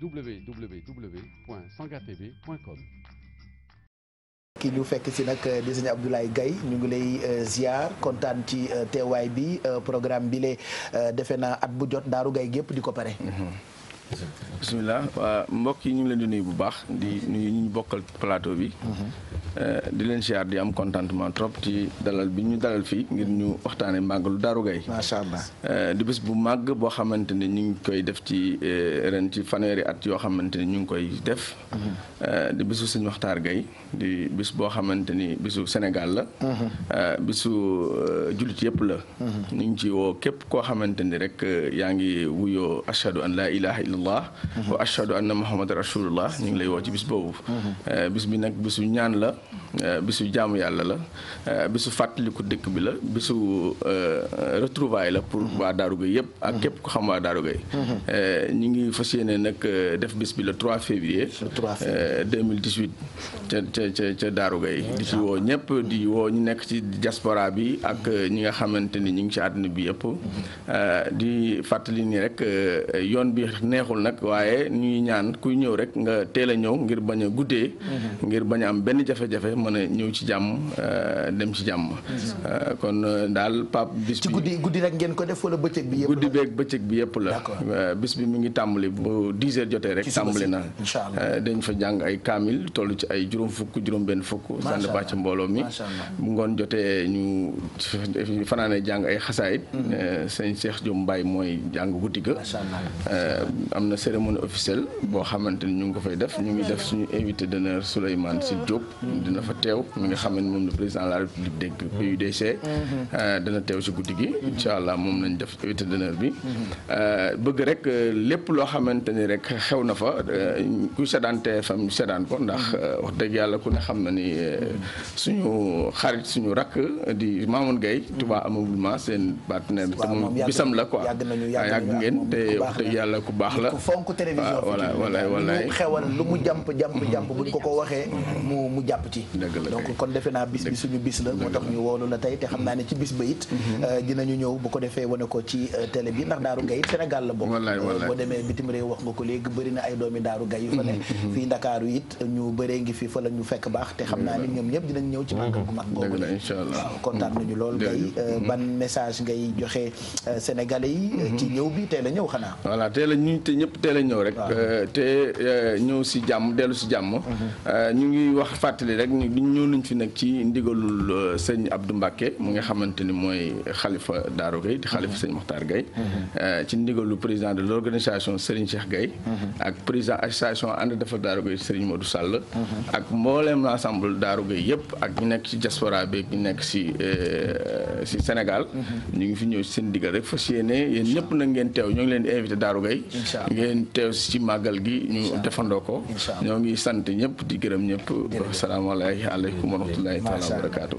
www.sangatv.com ki ñu fekk si nag eh, di sëñ Abdoulaye Gaye ñu ngi lay eh, ziar kontaan ci eh, teewaay bi programme bi lee defe naa at bu jot Daaru gay gépp di ko pare mm-hmm. bisimilah waa mbokk yi ñu ngi leen di bu baax di nuyu ñu bokkal plateau bi. Eh, di leen siyaar di am contentement trop ci dalal bi ñu dalal fii ngir ñu waxtaanee lu Daaru Gaye. macha allah eh, di bés bu màgg boo xamante ne ñu ngi koy def ci eh, ren ci fanweeri at yoo xamante ne ñu ngi koy def. di bésu Sëñ Maxtaar Gaye di bis boo xamante ni bésu Sénégal la. bésu jullit yëpp la. Mm-hmm. ñu ngi ci woo képp koo xamante rek yaa ngi wuyoo ashadu an laa ilaaha illallah illallah wa ashhadu anna muhammadan rasulullah ñu ngi lay woo ci bis boobu eh, bis bi nag bisu ñaan la eh, bisu jaamu yàlla la eh, bisu fàttaliku dëkk bi la bisu retrouvaille la pour waa Darou Gueye yëpp ak képp ku xam waa Darou Gueye bi le 3 février 2018 ca ca ca ca Darou Gueye di ci woo ñëpp di woo ñu nekk ci diaspora bi ak ñi nga xamante ni ñu ngi ci àdduna bi yëpp di fàttali ni rek yoon bi neexu neexul nag waaye ñuy ñaan kuy ñëw rek nga teel a ñëw ngir bañ a guddee. Mhm. ngir bañ am benn jafe-jafe mën a ñëw ci jàmm euh, dem ci jàmm. Mhm. Euh, kon euh, daal Pape bis bi guddi guddi rek ngeen ko def wala bëccëg bi yëpp la bëccëg bi yëpp la. bis bi mi ngi tàmbali bu 10 jotee rek. tàmbali na dañ fa jàng ay kaamil toll ci ay juróom fukk juróom benn fukk. sànni bàcc mbooloo mi mu ngoon jotee ñu fanaane jàng ay xasaayit. Mhm. sëñ Cheikh Diom Mbaye mooy jàng guddi ga. am na cérémonie officielle boo xamante ni ñu ngi ko fay def ñu ngi def suñu invité d'honneur Souleymane Sy Diop. dina fa teew mi nga xam ne moom le président la république dégg PUDC. Euh, dana teew si guddi gi. incha allah moom lañ def invité d'honneur bi. Euh, bëgg rek euh, lépp loo xamante ni rek xew na fa ku sedantee TFM ñu seddaan ko ndax mm-hmm. wax dëgg yàlla ku ne xam na ni suñu xarit suñu rakk di Mamoun Gaye mm-hmm. Touba Ameublement seen partenaire bi bisam la quoi yàgg ah, ngeen te ku fonk télévision ah, voilà voilà voilà mu xewal lu mu jàmp jàmp jàmp buñ ko ko waxee mu mu jàpp ci donc kon defe naa bis bi suñu bis la moo tax ñu woolu la tey te xam naa ne ci bis ba it mhm. euh, dinañu ñëw bu ko defee wane ko ci euh, télé bi ndax daaru gay it Sénégal la bokk euh, boo demee bitim réew wax nga ko léegi bëri na ay doomi daaru gay yu fa ne mhm. fii Ndakaaru it ñu fa la ñu fekk baax te xam naa ni ñoom ñëpp dinañ ñëw ci màggal mhm. ko mag googu la waaw kontaan ban message ngay joxe sénégalais yi ci ñëw bi tey la ñëw xanaa te ñëpp teel a ñëw rek. Euh, te euh, ñëw si jàmm dellu si jàmm. Mm-hmm. Euh, ñu ngi wax fàttali rek ñu ñëw nañ fi nekk ci ndigalul sëñ Abdou Mbacke mu nga xamante ni mooy xalifa Darou Gueye di xalifa mm-hmm. sëñ Mokhtar Gueye. Mm-hmm. ci ndigalu président de l' organisation Serigne Cheikh Gueye. ak président association ànd dafa Darou Gueye Serigne Modou Sall. ak mboolem ensemble Darou Gueye yëpp ak nekk ci diaspora bi ñu nekk si si Sénégal. ñu ngi fi ñëw si seen digal rek fas yéene yéen ñëpp nag ngeen teew ñoo di invité Darou Gueye. ngeen teew ci màggal gi ñu defandoo ko ñoo ngi sant ñëpp di gërëm ñëpp asalaamaaleykum wa rahmatulahi taala wa barakaatu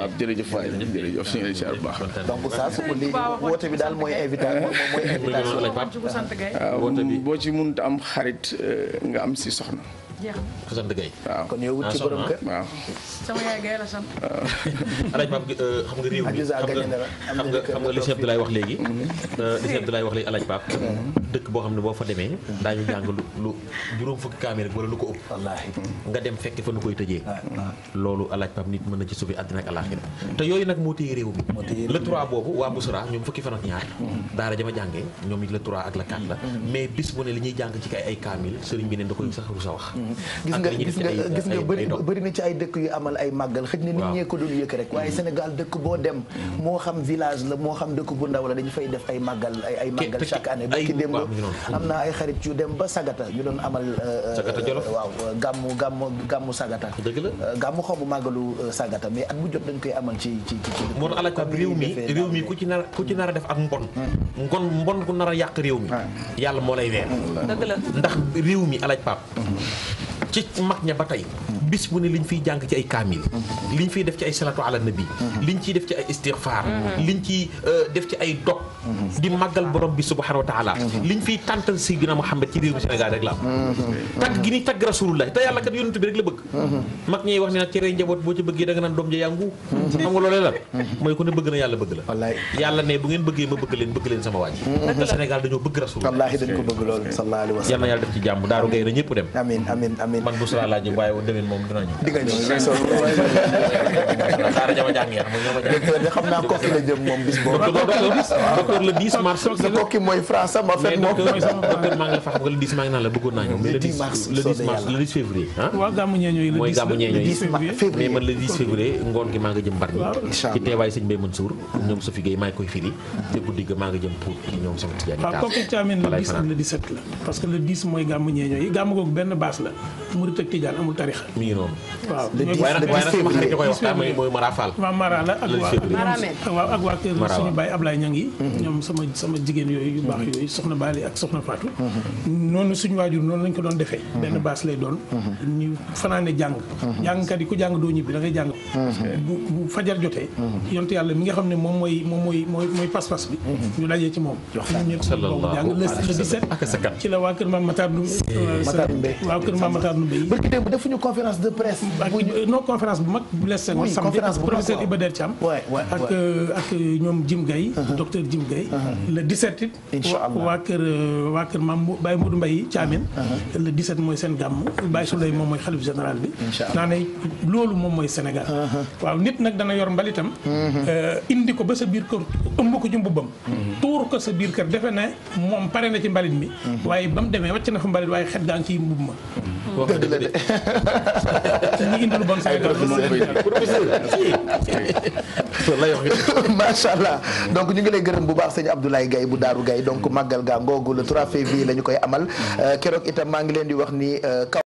Pape jërëjëf waay jërëjëf si ngeen siyaar bu baax donc saa su léegi woote bi daal mooy invitation mooy invitation ah, boo ci mënut am xarit euh, nga am si soxna sant Gueye. waaw kon yow wut ci ah, borom kër. waaw sama yaay Gueye la sant. alaaj Pape euh, xam nga réew mi xam nga xam nga mm-hmm. euh, li Cheikh Abdoulaye wax léegi. li Cheikh Abdoulaye wax léegi alaaj Pape. Mm-hmm. dëkk boo xam ne boo fa demee. Mm-hmm. daañu jàng lu lu juróom fukki kaamil rek wala lu ko ëpp. nga dem fekk fa nu koy tëjee. Ah, ah. loolu alaaj Pape nit mën na ci subi àddina ak alaaxira te yooyu nag moo téye réew mi. le 3 boobu waa Bousra ñoom fukki fan ak ñaar. daara jama jàngee ñoom le 3 ak le 4 la. mais bis bu ne li ñuy jàng ci ay kaamil sëriñ bi ne da koy gis nga gis nga gis nga bëri bëri na ci ay dëkk yu amal ay màggal xëj na nit ñee ko doon yëkk rek waaye mm. Sénégal dëkk boo dem mm. moo xam village la moo xam dëkk bu ndaw la dañu fay def ay màggal ay ay màggal chaque année baki démb am na ay xarit yu dem ba Sagata ñu doon amal euh, euh, waaw gàmmu gàmmu gàmmu Sagata dëgg la euh, gàmmu xaw ma màggalu Sagata mais at bu jot dañ koy amal ci ci ci moon alaka réew mi réew mi ku ci nar ku ci nar def ak mbon ngon mm. mbon ku nar a yàq réew mi yàlla moo lay weer ndax réew mi alaaj pap mm-hmm. ci mag ña ba tey bis bu ne liñ fiy jàng ci ay kaamil mhm. liñ fiy def ci ay salatu ala nabi mhm. liñ ciy def ci ay istixfaar mhm. liñ ciy euh, def ci ay dog di màggal borom bi subhanahu wa taala liñ fiy tàntal Seydina Muhammad ci réew mi Sénégal rek la am tagg gi ni tagg rasulullah te yàlla kat yonent bi rek la bëgg mag ñiy wax ne nag cere njaboot boo ci bëggee da naan doom ja xam nga loolee la mooy ku ne bëgg na yàlla bëgg la yàlla ne bu ngeen bëggee ma bëgg leen bëgg moom dina ñëw. di nga ñëw réseau bi waaye. daara jama jàng yaa xam naa kokki la jëm moom bis boobu. docteur le 10 mars. sa kokki mooy France ma fekk moom. mais docteur maa ngi la fa xam nga le 10 maa ngi naan la bëggoon naa ñëw. le 10 mars le 10 mars le 10 février. waaw gàmmu ñeeñoo yi mooy gàmmu ñeeñoo yi mais man le 10 février ngoon gi maa nga jëm Bargny. ci teewaay sëñ Mbaye Mansour. ñoom Sophie Gueye maa ngi koy firi. te guddi ga maa nga jëm pour ñoom sama Tidiane. waaw kokki caamin le 10 ak le 17 la parce que le 10 mooy gàmmu ñeeñoo yi gàmmu googu benn baas la murit ak tijaan amul tarixa mi ngi la ak waa ak waa kër suñu baay Ablaye Ñang yi mhm. ñoom sama sama jigéen yooyu yu baax mhm. yooyu soxna Bali ak soxna Fatou mhm. noonu suñu waajur noonu lañ ko doon defee benn baas lay doon ñu fanaane jàng jàngkat yi ku jàng doo ñibbi da jàng bu fajar jotee yonte yàlla mi nga xam ne moom mooy moom mooy mooy mooy pas-pas bi ñu dajee ci moom ci la waa kër Maam Matar Dumbe waaw kër Maam Matar Thierno Mbaye barki démb defuñu conférence de presse. Euh, non conférence bu mag bu les Senghor. oui conférence bu mag professeur Iba Der Thiam. waay waay ak euh, euh, ñoom Jim Gaye uh-huh. docteur Jim Gaye uh-huh. le 17 it. waa kër maam Baye Modou Mbaye Thiamène. Uh-huh. le 17 mooy seen gàmm. Baye Souley moom mooy xalif général bi. incha allah naa ne loolu moom mooy Sénégal. waaw nit nag dana yor mbalitam. indi ko ba sa biir kër ëmb ko ci mbubbam. tuur ko sa biir kër defe ne moom pare na ci mbalit mi. waaye ba mu demee wàcc na fa mbalit waaye xet gaa ngi ciy mbubb dëgg la de ñu indi lu allah donc ñu ngi lay gërëm bu baax sëñ Abdoulaye Gaye bu Daaru Gaye donc màggal gaa ngoogu le 3 février la koy amal mm. euh, keroog itam maa ngi leen di wax ni euh,